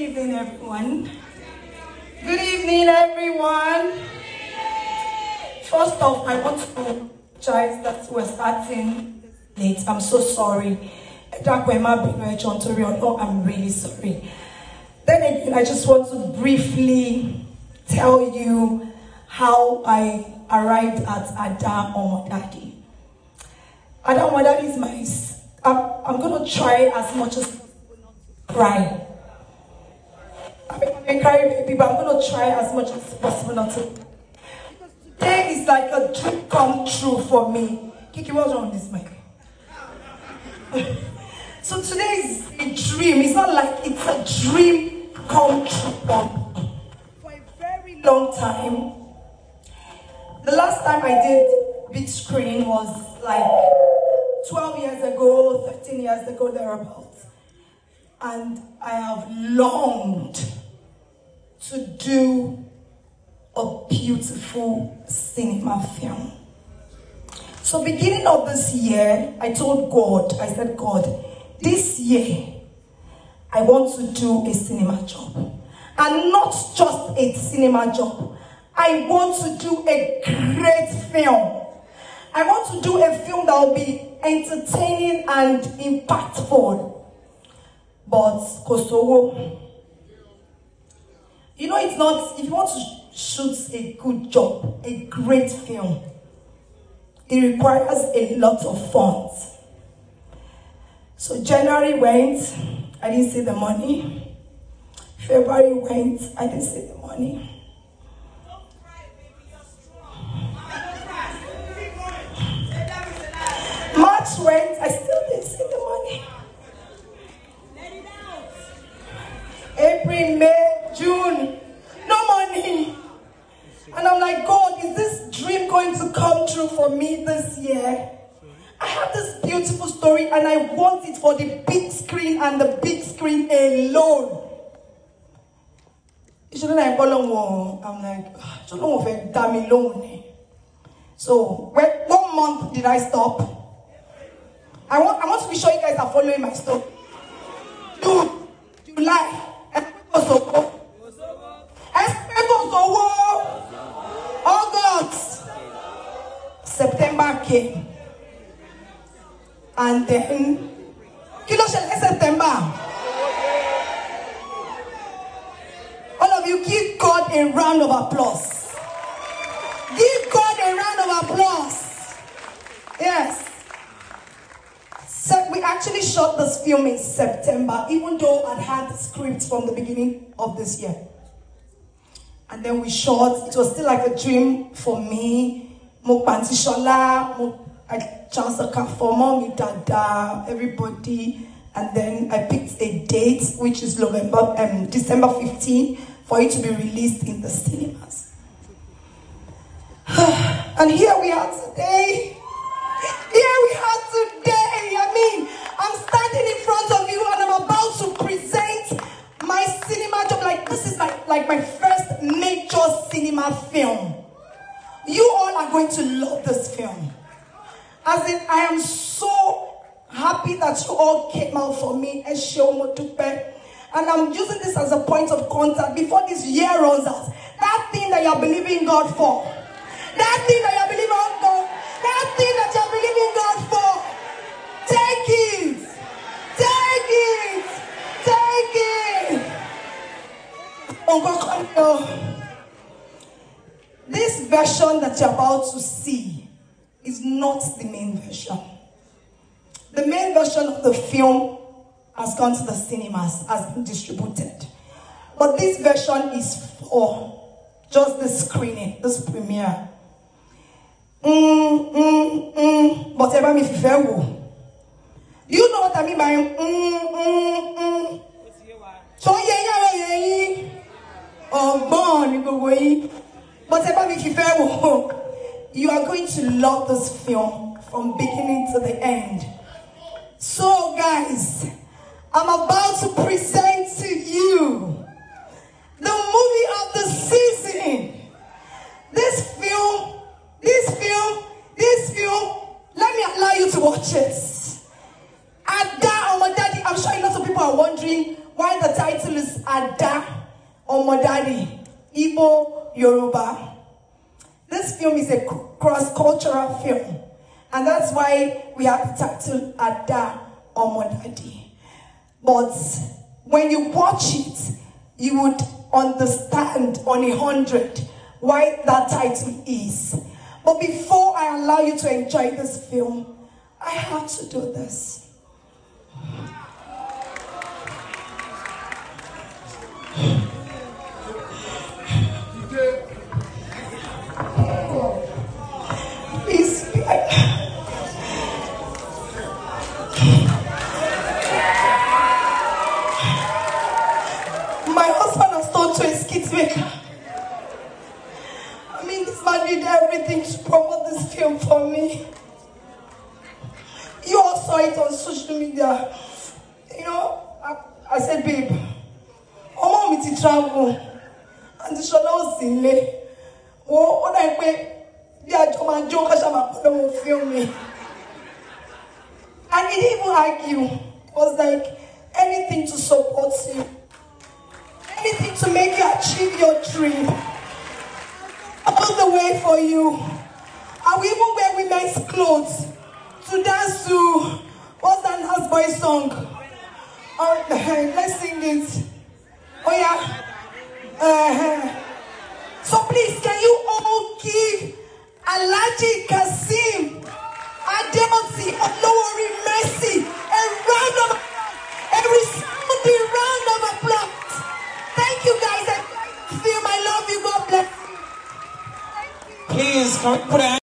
evening, everyone. Good evening, everyone. First off, I want to apologize that we're starting late. I'm so sorry. I'm really sorry. Then again, I just want to briefly tell you how I arrived at Adam Omodadi. Adam Omodadi is my. I'm, I'm going to try as much as cry I'm going to try as much as possible not to. today is like a dream come true for me. Kiki, what's wrong with this mic? so today is a dream. It's not like it's a dream come true for me. For a very long time, the last time I did big screen was like 12 years ago, 13 years ago, thereabouts. And I have longed to do a beautiful cinema film. So beginning of this year, I told God, I said, God, this year, I want to do a cinema job. And not just a cinema job. I want to do a great film. I want to do a film that will be entertaining and impactful. But Kosovo, you know, it's not, if you want to shoot a good job, a great film, it requires a lot of funds. So January went, I didn't see the money. February went, I didn't see the money. for me this year. I have this beautiful story and I want it for the big screen and the big screen alone. Shouldn't I go long? I'm like, ah, so long of a damn alone. So one month did I stop? I want I want to be sure you guys are following my story. Dude, July, everything was so and then in September. all of you give god a round of applause give god a round of applause yes so we actually shot this film in september even though i had the script from the beginning of this year and then we shot. It was still like a dream for me mo pàǹtí ṣọlá mo to fọmọ with dada everybody and then I picked a date which is November um, December 15 for it to be released in the cinemas. and here we are today. Here we are today. I mean, I'm standing in front of you and I'm about to present my cinema job. Like this is like like my first major cinema film to love this film. As in, I am so happy that you all came out for me, and and I'm using this as a point of contact before this year runs out. That thing that you're believing God for. version that you're about to see is not the main version. The main version of the film has gone to the cinemas, has been distributed. But this version is for just the screening, this premiere. Mm, mm, mm, whatever me feel. Do you know what I mean by mm, mm, mm? So yeah, yeah, yeah, yeah. Oh, born, you go away. But if you you are going to love this film from beginning to the end. So guys, I'm about to present to you the movie of the season. This film, this film, this film, let me allow you to watch it. Ada Omodadi, I'm sure a lot of people are wondering why the title is Ada Omodadi. Igbo, Yoruba. This film is a cross-cultural film, and that's why we have the title Ada Omodadi. But when you watch it, you would understand on a hundred why that title is. But before I allow you to enjoy this film, I have to do this. did everything to promote this film for me. You all saw it on social media. You know, I, I said, babe, I want me to travel. And the show was in late. Oh, when I went, they are Joe and joke because I'm a film me. And he didn't even argue. It was like anything to support you, anything to make you achieve your dream open the way for you. I will even wear women's clothes to dance to what's that houseboy song? Oh, let's sing it. Oh yeah. Uh, so please, can you all give Alaji Kasim Adeoti Olo Put it.